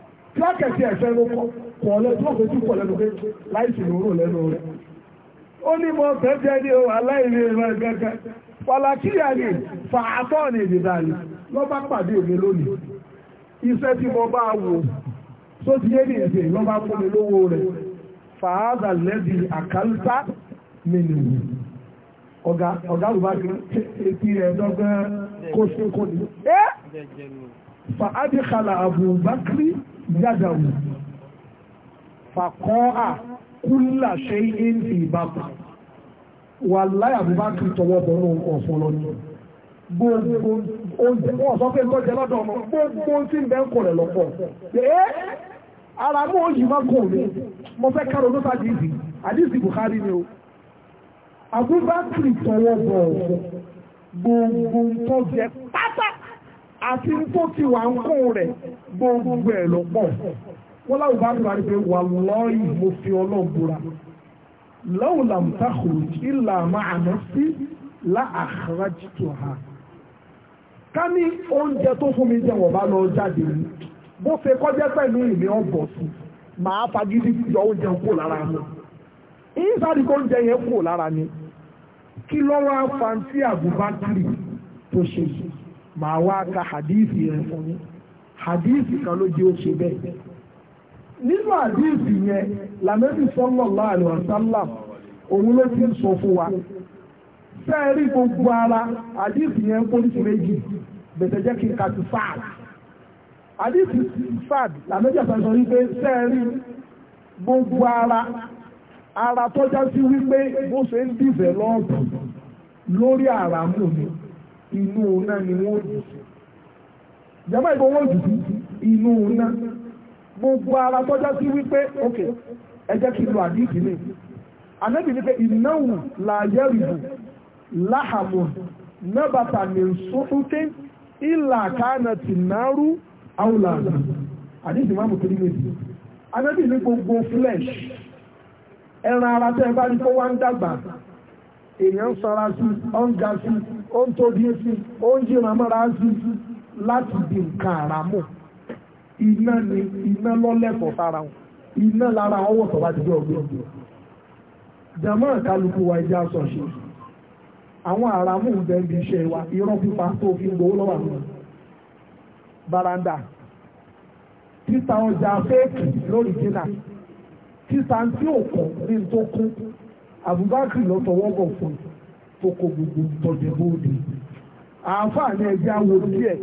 lákẹ̀sí ẹ̀fẹ́ ló kọ́ kọ̀ lẹ́nu tó fojú kọ̀ lẹ́nu pé lóró lẹ́nu rẹ̀ ó ní mo fẹ́ jẹ́ ní o lọ́ tó ti yé ní ìsìn ló bá fún mi lówó rẹ̀ fàáza lẹ́bi àkàlùsá mi nìyí ọ̀gá ọ̀gá ló bá fi kala àbùbákírí yàdàwù fàkọ́ à kúlà ṣe é ń fi ìbápa wà láyà àbùbákírí tọwọ́ bọ̀ nù ọ̀fọ̀ lọ́nà gbogbo oúnjẹ wọn sọ pé nǹkan jẹ lọ́dọ̀ ọmọ gbogbo tí ń bẹ ń kọlẹ lọ́pọ̀ ara mú òyì má kò ní mo fẹ́ kárò ló sáà dìísì àdìsì Buhari ni o Abubakar tọwọ́ bọ̀ gbogbo tó jẹ pátá àti tó ti wà ń kó rẹ̀ gbogbo ẹ̀ lọ́pọ̀ wọ́n láwùjọ bá tún ká ní oúnjẹ tó fún mi jẹ́ wọ́n lọ jáde yìí bó ṣe kọjá pẹ̀lú ìmí ọ̀bọ̀ sí màá fagídí yọ oúnjẹ kúrò lára mi ìsáàdì kó oúnjẹ yẹn kúrò lára mi kí lọ́wọ́ àfàǹtí àbúbákìrì tó ṣe màá wá ka hadithi rẹ̀ fún mi hadithi kan ló jẹ́ ó ṣe bẹ́ẹ̀ nínú hadithi yẹn làmẹ́bí sallallahu alaihi wasallam òun ló ti ń sọ fún wa fẹ́ẹ́ rí gbogbo ara hadithi yẹn kó ní méjì bẹ̀tẹ̀ jẹ́ kí n kà sí àdìsí sad lànàjà sọ wípé sẹ́ẹ̀rí gbogbo ara ara tọ́já sí wípé bó ṣe ń dìbẹ̀ lọ́ọ̀bù lórí àràmù mi inú náà ni wọ́n jù sí jàmbá ìbò wọ́n jù sí inú náà gbogbo ara tọ́já sí wípé ok ẹ jẹ́ kí n lo àdìsí mi ànábì ní pé ìnáwó làyẹ̀rìbù láhàmù nábàtà ní sùfúkẹ́ ìlà kánà tìǹnárú áwùlà àná àdéhùn ìmáàmù tó nílé yìí ní gbogbo ẹran ara tẹ́ bá ní kó wá ń dàgbà èèyàn sí ga sí ó ń tóbi sí ó ń sí láti di nǹkan àràmù iná ni iná lọ́lẹ́kọ̀ọ́ sára wọn iná lára ọwọ́ sọ̀rọ̀ ọgbẹ́ ọgbẹ́ baranda títa ọjà fẹ́ẹ̀kì lórí dínà títa tí ò kọ̀ ní tó kún Abubakar ló tọwọ́ bọ̀ fún tó kó gbogbo tọ̀jẹ̀ bóde àǹfààní ẹgbẹ́ awo díẹ̀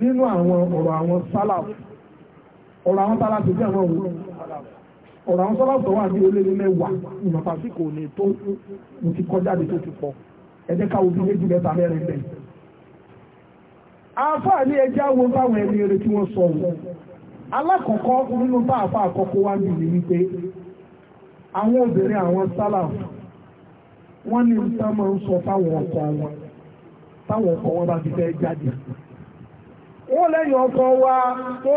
nínú àwọn ọ̀rọ̀ àwọn sálàf ọ̀rọ̀ àwọn sálàf ẹgbẹ́ àwọn òwúrọ̀ ọ̀rọ̀ àwọn sálàf tó wà ní olóyè mẹ́wàá ìmọ̀tàsí kò ní tó mo ti kọjá de tó ti pọ̀ ẹ̀jẹ̀ káwo bí méjì mẹ́ta mẹ́rin bẹ́ẹ̀ àáfàá ní ẹjẹ́ àwọn báwọn ẹni eré tí wọ́n sọ wọn alákọ̀ọ́kọ́ nínú bá àáfàá àkọ́kọ́ wá ní ìlú wípé àwọn obìnrin àwọn sálàfù wọ́n ní nǹkan máa ń sọ fáwọn ọkọ wọn táwọn ọkọ wọn bá ti fẹ́ jáde wọ́n lẹ́yìn ọkọ wa tó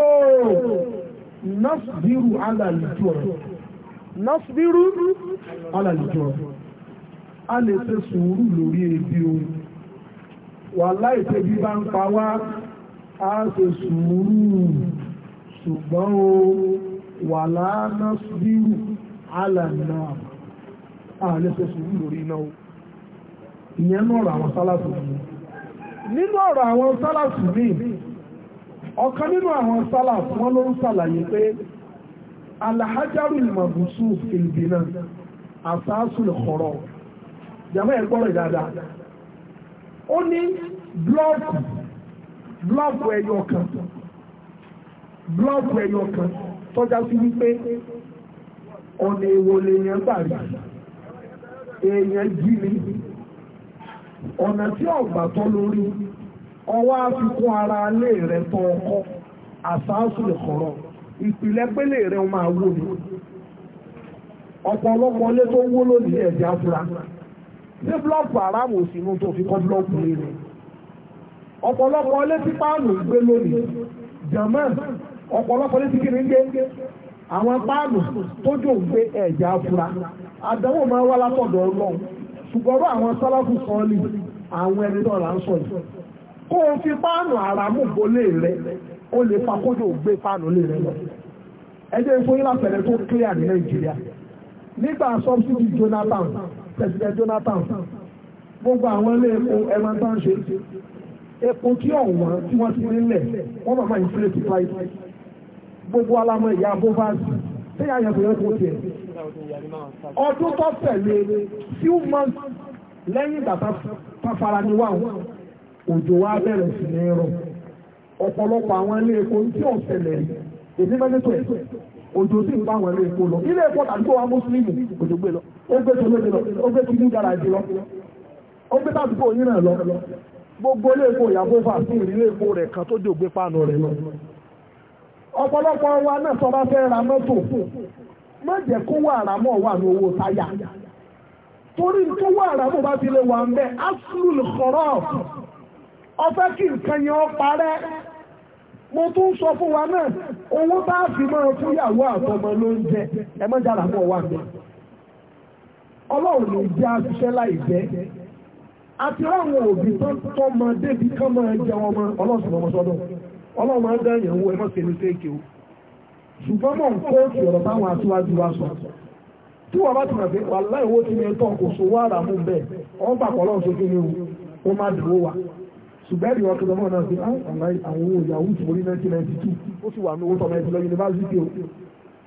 nọ́ọ̀sìbírù alàlùjọ́ nọ́ọ̀sìbírù alàlùjọ́ a lè ṣe sùúrù lórí ebi ohun wà láìpẹ́ bí bá ń pa wá á ṣe sùúrù ṣùgbọ́n o wà láàánà síbírù alànà àlẹ́ ṣe sùúrù lórí iná o ìyẹn náà rà àwọn sálàtù mi nínú ọ̀rọ̀ àwọn sálàtù mi ọ̀kan nínú àwọn sálàtù wọn ló ń ṣàlàyé pé alhajaru ilmabusu ó ní blọọkù blọọkù ẹyọ kan blọọkù ẹyọ kan tọ́já sí wípé ọ̀nà èwo lèèyàn gbà rí èèyàn tí ọ̀gbà tọ́ lórí ọwọ́ àfikún ara alé rẹ tọ ọkọ́ àsáàsù ìkọ̀rọ̀ ìpìlẹ̀ pélé rẹ máa wó ni ọ̀pọ̀lọpọ̀ ilé tó ń wó lónìí ṣé búlọ́ọ̀kù aráàmù òsínú tó fi kọ́ búlọ́ọ̀kù lé ni ọ̀pọ̀lọpọ̀ ilé tí páànù ń gbé lónìí german ọ̀pọ̀lọpọ̀ ilé tí kìíní ń gbé àwọn páànù tó jò ń gbé ẹ̀já fura àdánwò máa wá látọ̀dọ̀ ọlọ́run ṣùgbọ́n àwọn sálàfù sọ́ọ̀lì àwọn ẹni náà là ń sọ yìí kó o fi páànù aráàmù gbolé rẹ ó lè fa kójò gbé páànù lé rẹ lọ ẹjẹ́ ìfowóyìn lápẹ̀rẹ̀ tó clear ní Nàìjíríà nígbà subsidy Jonathan president Jonathan gbogbo àwọn ilé epo ẹran tó ń ṣe epo tí ọ̀wọ́n tí wọ́n ti nílẹ̀ wọ́n máa máa inflate price gbogbo alamọ ìyá bovasi tí àyàn kò yẹ kó tiẹ̀ ọdún tó tẹ̀lé few months lẹ́yìn ìgbà tá fara ní wà wọ́n òjò wa bẹ̀rẹ̀ sí ní rọ̀ ọ̀pọ̀lọpọ̀ àwọn ilé epo tí ò ṣẹlẹ̀ èmi mẹ́lẹ́tọ̀ ẹ̀ òjò sì ń bá àwọn ilé epo lọ ilé epo tàbí kó wa mùsùlùmí òjò gbé lọ. ó gbé tó lóde lọ ó lọ ó gbé tàbíkò náà lọ gbogbo ilé ìyàwó fà sí ìrírí epo kan tó dògbé pàánù rẹ̀ lọ ọ̀pọ̀lọpọ̀ wa náà sọ bá fẹ́ ra mọ́tò má jẹ́ kó wà àràmọ́ wà ní owó táyà torí wà mo tún wa náà owó bá fi máa fún ìyàwó àtọmọ ẹ má àràmọ́ wà ọlọ́run ló jẹ́ aṣiṣẹ́ láì àti ráwọn òbí tó tọ́ mọ débi ká máa jẹ wọn mọ ọlọ́sùn ọmọ sọ́dọ̀ ọlọ́run máa ń dá ìyẹn wo ẹ mọ́ sí ẹni séèkì o ṣùgbọ́n mọ̀ ń kó òkè ọ̀rọ̀ táwọn aṣíwájú wa sọ tí wọ́n bá ti rà pé wà láì owó tí mi ń tọ́ kò sówó àrà mú bẹ́ẹ̀ wọ́n bà kọ́ lọ́run sókè ní o má dúró wa ṣùgbọ́n ẹ̀rí ọkọ̀ lọ́mọ náà pé ah, àwọn owó yahoo ti borí 1992 ó sì wà ní owó tọ́mọ ẹ̀sìn lọ yunifásitì o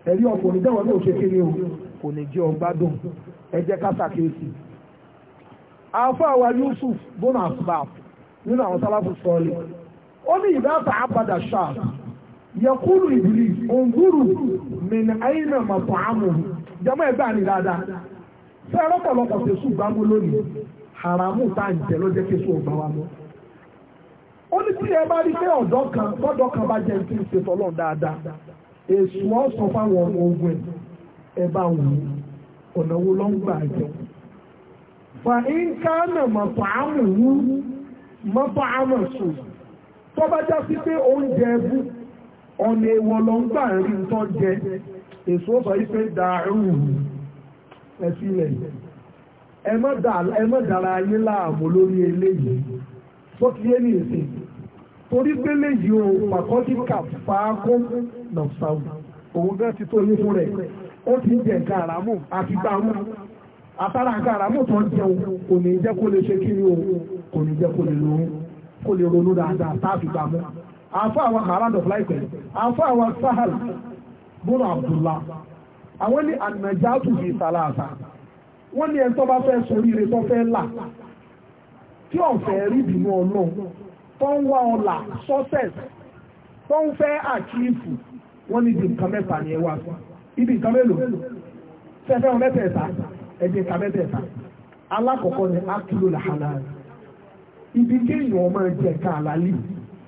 ẹ̀rí ọ̀pọ̀ onídẹ́wọ̀n náà ṣe o kò ní jẹ́ ọgbádùn ẹ jẹ́ àáfàá wa Yusuf bọ́nà àfúbà nínú àwọn sáláfù sọ́ọ̀lì ó ní ìdáta àbàdà ṣáà yẹkúrú ìbílí òǹgúrú mìíràn àyínà màpọ̀ àmù jẹ́mọ́ ẹgbẹ́ àní dáadáa fẹ́ rọ́pọ̀lọpọ̀ tẹ̀sù gbámú lónìí haramu tá ń kí sùn wa ó ní tí ẹ bá rí pé èsù ọ̀sán fáwọn ọmọ ogun ẹ̀ bá wù ú ọ̀nà wo ló ń gbà jọ. fa nǹkan náà mọ̀tò àmù wú mọ́tò àmù sùn tó bá já sí pé oúnjẹ ẹbú ọ̀nà èèwọ̀ ló ń gbà rí nǹkan jẹ èsù ọ̀sán yìí pé dàrú ẹ sílẹ̀ ẹ mọ́ dára ayé láàmú lórí eléyìí tó ti yé ní ìsìn torí pé léyìí o pàkọ́ ti kà nàfṣàwù òun gẹ́ ti tó yé fún rẹ̀ ó ti jẹ nǹkan àràmù àti gbàmù àtàrà nǹkan àràmù tó ń jẹun kò ní jẹ́ kó lè ṣe kí ni o kò ní jẹ́ kó lè lóhun kó lè ronú dáadáa táàfi gbàmù àfọ àwọn haran of life ẹ̀ àfọ àwọn sahal bọ́nà abdullah àwọn ní ànàjáàtù fi sàlàsà wọ́n ní ẹni tó bá fẹ́ soríire tó fẹ́ là tí ọ̀fẹ́ rí bínú ọlọ́run tó ń wá ọlà success tó ń fẹ́ àkíyèsí wọ́n ní ibi nǹkan mẹ́fà ni ẹ ibi nǹkan mélòó fẹ́fẹ́ wọn mẹ́tẹ̀ẹ̀ta ẹ̀jẹ̀ nǹkan mẹ́tẹ̀ẹ̀ta alákọ̀ọ́kọ́ ni akílò làhálà ibi kéèyàn máa jẹ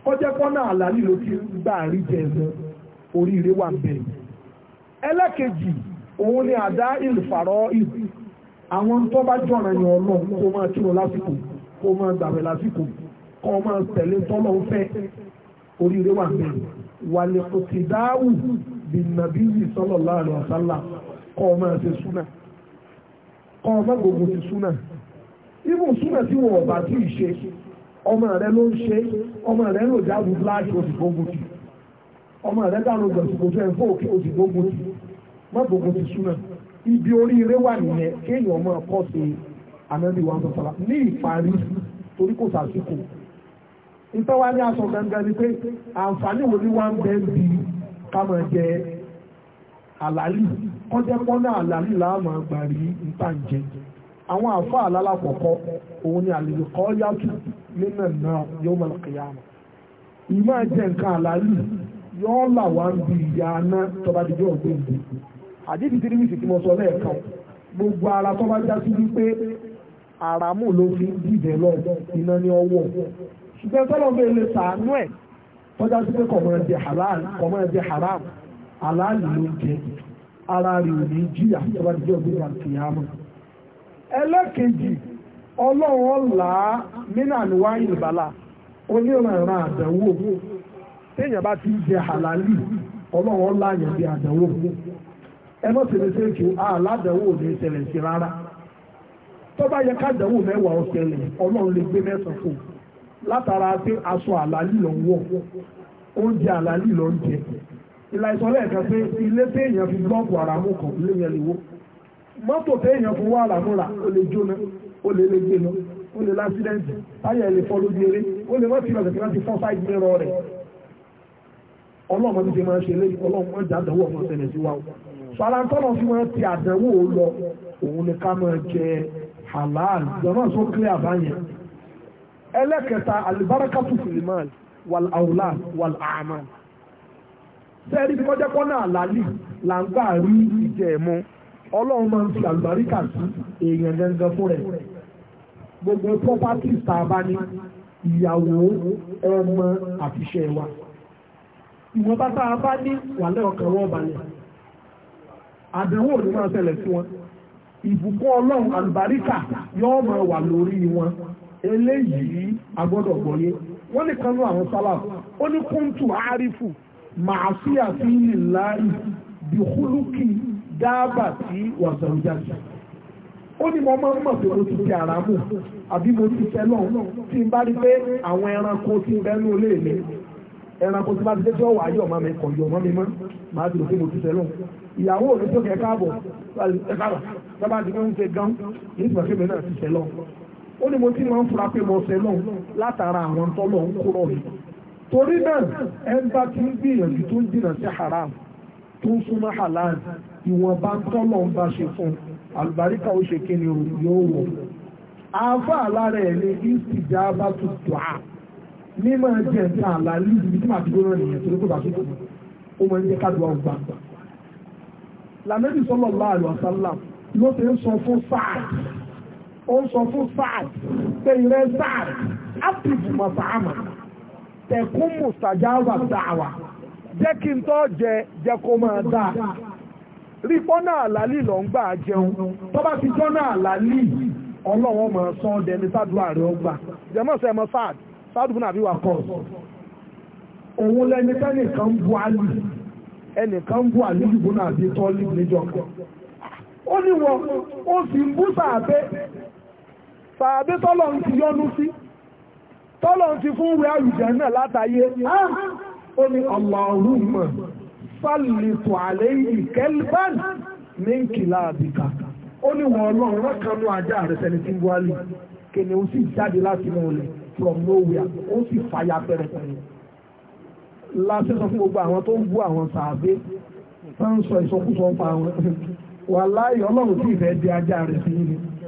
kọjá ló ti gbà rí jẹ ẹ̀sẹ̀ oríire wà bẹ́ẹ̀ ẹlẹ́kejì òun ni àdá ìlùfàrọ́ ìlú àwọn tó bá kó máa lásìkò kó wàlẹ̀kùtìdáwù bí nàbí yìí sọ́lọ̀ láàrin ọ̀sánlá kọ́ ọmọ ẹ̀sẹ̀ súnà kọ́ ọmọ gbogbo ti súnà ibù súnà tí wọ́n bá tí ì ṣe ọmọ rẹ ló ń ṣe ọmọ rẹ ló jáde láàṣì oṣù gbogbo ti ọmọ rẹ dáná ọgbà oṣù gbogbo ẹ̀fọ́ òkè oṣù gbogbo ti má gbogbo ti súnà ibi oríire wà nìyẹn kéèyàn ọmọ ọkọ ṣe ànábìwọ̀n sọ̀tàlá ní ìparí torí kò sàṣìkò ìtọ́wá ní aṣọ gangan ni pé àǹfààní wo ni wá bẹ́ẹ̀ bí kámọ̀ jẹ àlàlì kọjá pọ́nà àlàlì láàmú àgbàrí ìtànjẹ àwọn àfọ àlálà òun ni àlejò kọ́ yàtú nínú náà yóò mọ̀ kìyàmù ìmọ̀ jẹ́ nǹkan àlàlì yóò là wá ń bi ìyá aná ọ̀gbìn tí lẹ́ẹ̀kan gbogbo ara tọ́ba wípé àràmù ló fi dìbẹ̀ lọ ṣùgbọ́n tọ́lọ́mọ ilé sàánú ẹ̀ tọ́já sí pé kọ̀mọ̀ ẹ̀dẹ̀ haram ló ń jẹ ara rẹ̀ ò ní jìyà tó bá dijọ́ gbé wà kìyàmù. ẹlẹ́kejì ọlọ́run ọ̀la mínà ní wáyé ìbàlá onírànràn àdánwò téèyàn bá ti ń jẹ bí àdánwò sí ní ìṣẹ̀lẹ̀ sí rárá tó bá yẹ ká àdánwò mẹ́wàá ọlọ́run lè gbé mẹ́sàn látara pé aṣọ àlàlì lọ wọ̀ oúnjẹ àlàlì lọ ń jẹ ìlà ìsọ̀lẹ̀ kan pé ilé téèyàn fi gbọ́ọ̀bù ara mú kan lé yẹn lè wó mọ́tò téèyàn fún wàhálà múra ó lè jóná ó lè lè gbé lọ ó lè lásídẹ́ǹtì táyà ẹ̀ lè fọ́ lójú eré ó lè mọ́tì ìrọ̀sẹ̀ kí wọ́n ti fọ́ sáìdì mẹ́rọ rẹ̀ ọlọ́run ti máa ṣe lé ọlọ́run ọjà àdánwò ọmọ ṣẹlẹ̀ sí wa sọ́láńtọ́nà fi máa ti àdánwò lọ òun ni ká máa jẹ halal jọ̀nà sókè àbáyẹn ẹlẹ́kẹta alibaraka tufulimal wal aula wal amal sẹ́ẹ̀rí kọjẹ́kọ́ náà lálì là ń gbà rí ìjẹ́ ẹ̀mú ọlọ́run máa ń fi àlùbáríkà sí èèyàn gangan fún rẹ̀ gbogbo properties tá a bá ní ìyàwó ọmọ àfiṣẹ́ wa ìwọ̀n bá tá a bá ní wàlẹ́ ọkàn wọn balẹ̀ àdánwò ni máa ṣẹlẹ̀ sí wọn ìbùkún ọlọ́run àlùbáríkà yóò máa wà lórí wọn eléyìí agbọ́dọ̀ gbọ́yé wọ́n ní kanú àwọn sálà ó ní kúntù àárífù màá sí àfihàn láàyè bìkúlùkì dáàbà tí wàzàrújáde ó ní mo máa ń mọ̀ pé mo ti ti àràmù àbí mo ti tẹ lọ́hùn tí n bá rí pé àwọn ẹranko ti bẹnu ilé mi ẹranko tí bá ti dé tí ọwọ́ ayé ọ̀ma mi kọ̀ yọ̀ ọ̀ma mi mọ́ màá ti rò pé mo ti tẹ lọ́hùn ìyàwó mi tó kẹ káàbọ̀ ẹ káàbọ̀ sábà ti fẹ́ ń ṣe gan yìí ti pàṣẹ mi náà ti tẹ lọ́hùn ó ní mo ti máa ń fura pé mo ṣe náà látara àwọn tọ́lọ̀ ń kúrọ̀ mi torí náà ẹ bá ti ń gbìyànjú tó ń dìnà sí haram tó ń súnmọ́ halal ìwọ̀nba tọ́lọ̀ ń bá ṣe fún àlùbáríkà ó ṣe kí ni yóò wọ̀ àáfà alára ẹ̀ ní ìsìdá bá tu dùá mímọ́ jẹ́ nǹkan àlàlí ibi tí màá ti gbóná nìyẹn torí kò bá tó kù ó máa ń jẹ́ kádùá ọgbà làmẹ́bí sọ́lọ́ bá àlùwàsálà ló ti ń sọ fún sáà ó ń sọ fún sáàd pé ìrẹ́ sáàd ápìbù mọ̀sáàmà tẹ̀kún mùsàjáwà dáwà jẹ́ kí n tọ́ jẹ jẹ́ kó máa dáa rí pọ́nà àlálì lọ ń gbà jẹun tó bá ti pọ́nà àlálì ọlọ́wọ́n mọ̀ sán dẹni sádùá rẹ̀ ọgbà jẹ́mọ́ sọ ẹmọ sáàd sáàd fún àbí kọ́ òun lẹni tẹ́nìkan ń bu àlù ẹnìkan ń bu àlù ìbùnà àbí tọ́lì níjọ kan ó ní wọn ó sì ń bú sáà pé sàbí tọ́lọ̀ ń ti yọ́nú sí tọ́lọ̀ ń ti fún ìwé àrùjẹ̀ náà látàyé ó ní Allahumma sálìtò àlẹ́ ìkẹ́lbán ní kìlá àbíkà ó ní wọ́n ọlọ́run rákanú ajá rẹ̀ tí ń kìnnì ó sì jáde láti mọ̀ from nowhere ó sì fàyà pẹ̀rẹ̀pẹ̀rẹ̀ láti sọ fún gbogbo àwọn tó ń bú àwọn sàbí tó ń di ajá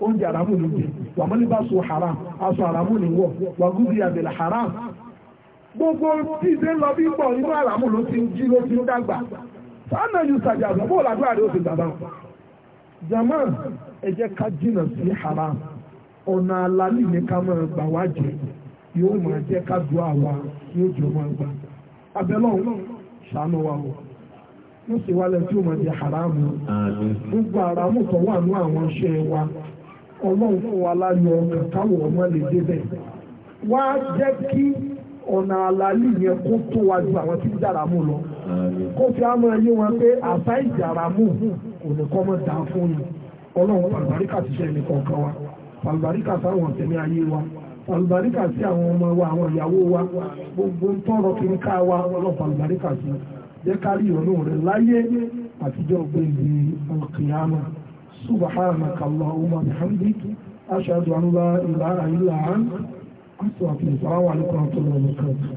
oúnjẹ àràmù ló jẹ wàmọ́lẹ́bà so haram aṣọ àràmù lè wọ̀ wàgúbí àbẹ̀lẹ̀ haram gbogbo tí lọ bí pọ̀ nínú àràmù ló ti ń jí ló ti ń dàgbà sáànà yóò sàjà àgbà bó làdúrà ó ti gbàgbà jama ẹ ká jìnà sí haram ọ̀nà àlàlì ní ká máa gbà wá jẹ yóò máa wa o wọ́n sì tí máa jẹ haram gbogbo àràmù tó wà wa. ọlọ́run fún wa láyọ̀ ọkàn táwọn ọmọ lè débẹ̀ wá jẹ́ kí ọ̀nà àlàlì yẹn kó tó wa ju àwọn tí ń dàràmú lọ kó fi àmọ́ ẹyẹ wọn pé àbá ìdàràmú kò ní kọ́ mọ́ dáa fún yìí ọlọ́run pàlùbáríkà ti ṣe ẹnìkan kan wa pàlùbáríkà sáwọn tẹ̀mí ayé wa pàlùbáríkà sí àwọn ọmọ wa àwọn ìyàwó wa gbogbo ń tọrọ kí n ká wa ọlọ́run pàlùbáríkà sí jẹ́ kárí ìrònú rẹ̀ láyé àtijọ́ gbé ìgbé سبحانك اللهم بحمدك أشهد أن لا إله إلا أنت أستغفرك السلام عليكم ورحمة الله وبركاته